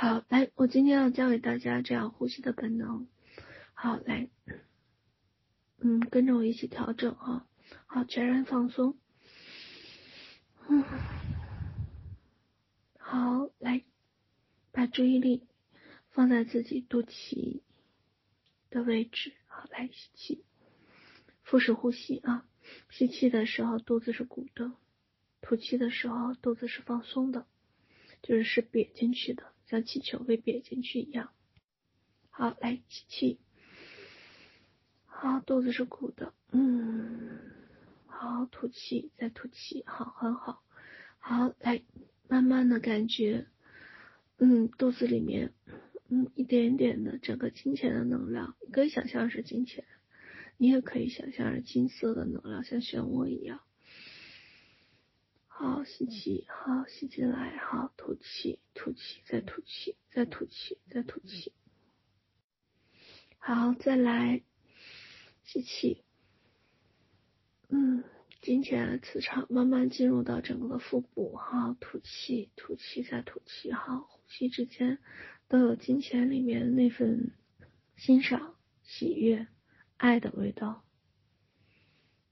好，來，我今天要教給大家這樣呼吸的本能。好，來，嗯，跟着我一起調整啊。好，全然放鬆。嗯，好，來，把注意力放在自己肚臍的位置。好，來，吸氣，腹式呼吸啊。吸氣的時候肚子是鼓的，吐氣的時候肚子是放鬆的，就是是癟進去的。像氣球被癟進去一樣，好，來吸氣，氣，好，肚子是鼓的，嗯，好，吐氣，再吐氣，好，很好，好，來，慢慢的感覺，嗯，肚子裡面，嗯，一點點的，整個金錢的能量，你可以想象是金錢，你也可以想象是金色的能量，像漩渦一樣。好，吸氣，好，吸進來，好，吐氣，吐氣，吐氣，再吐氣，再吐氣，再吐氣，好，再來，吸氣，嗯，金錢磁場慢慢進入到整個腹部，好，吐氣，吐氣，再吐氣，好，呼吸之間都有金錢裡面那份欣賞、喜悅、愛的味道。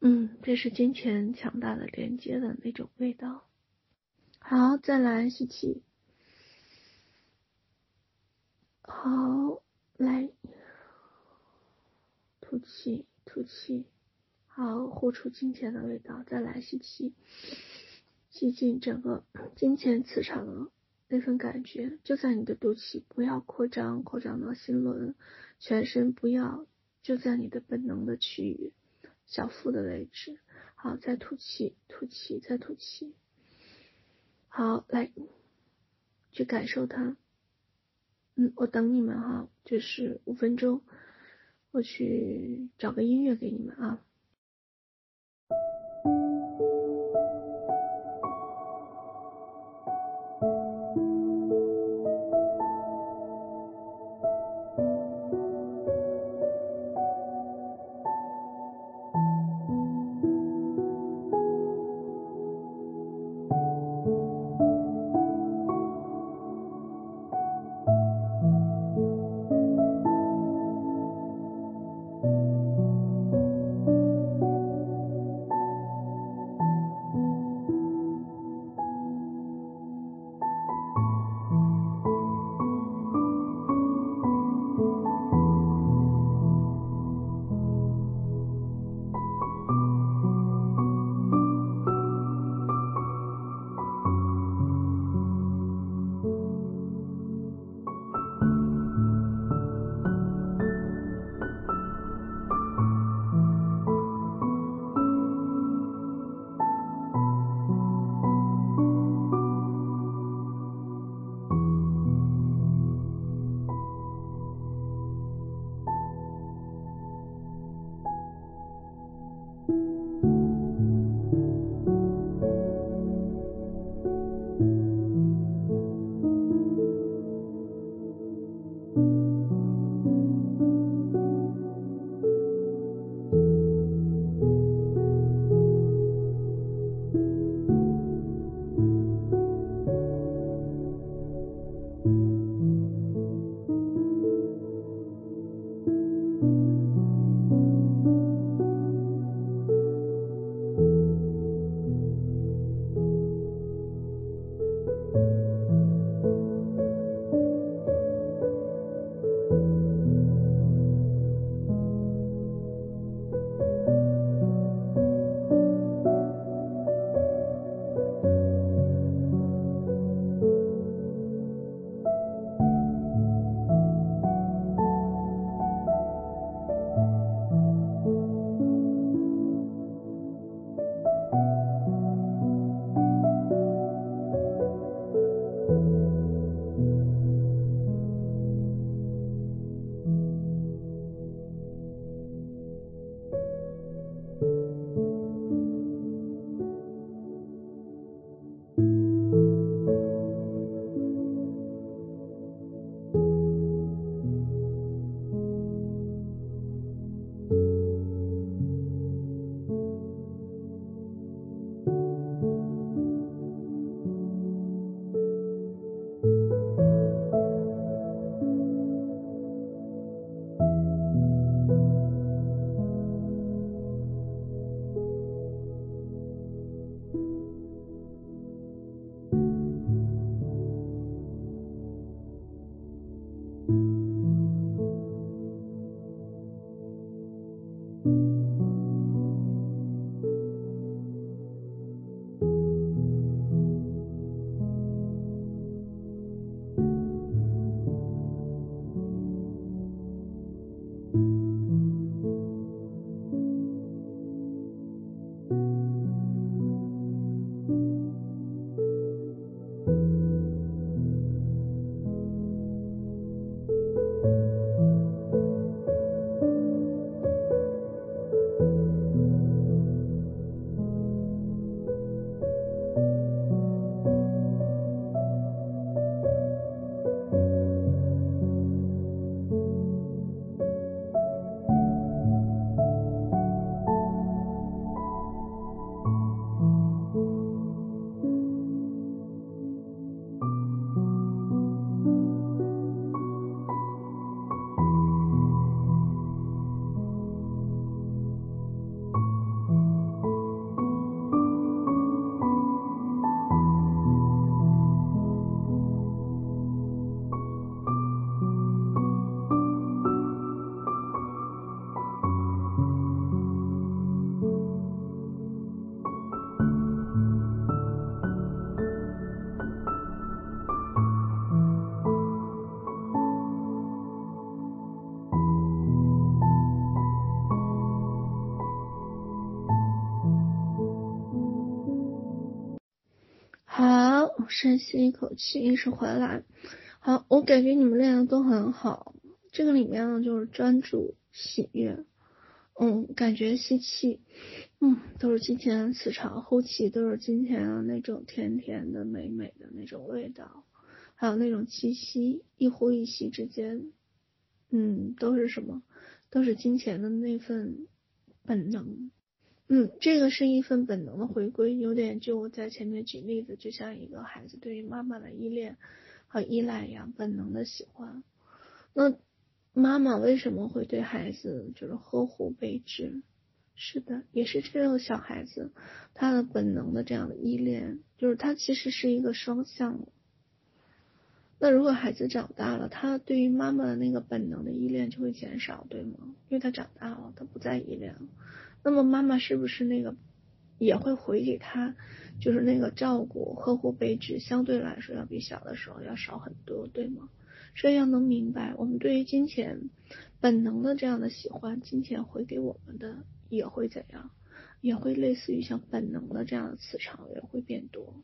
嗯，這是金錢強大的連接的那種味道。好，再來吸氣，好來吐氣，吐氣。好，呼出金錢的味道。再來吸氣，吸進整個金錢磁場的那份感覺，就在你的肚臍，不要擴張，擴張到心輪，全身不要，就在你的本能的區域。小腹的位置，好，再吐氣，吐氣，再吐氣，好，來，去感受它，嗯，我等你們哈、啊，就是五分鐘，我去找個音樂給你們啊。我、哦，深吸一口氣，意識回來。好，我感覺你們練的都很好。這個裡面呢，就是專注喜悅。嗯，感覺吸氣，嗯，都是金錢磁場，呼氣都是金錢的那種甜甜的、美美的那種味道，還有那種氣息，一呼一吸之間，嗯，都是什麼？都是金錢的那份本能。嗯，這個是一份本能的回歸，有點就在前面舉例子，就像一個孩子對於媽媽的依戀和依賴一樣，本能的喜歡。那媽媽為什麼會對孩子就是呵護備至？是的，也是這種小孩子他的本能的這樣的依戀，就是他其實是一個雙向。那如果孩子長大了，他對於媽媽的那個本能的依戀就會減少，對嗎？因為他長大了，他不再依戀了。那麼媽媽是不是那個，也會回給他，就是那個照顧、呵護、備至，相對來說要比小的時候要少很多，對嗎？這樣能明白我們對於金錢，本能的這樣的喜歡，金錢回給我們的也會怎樣，也會類似於像本能的這樣的磁場也會變多。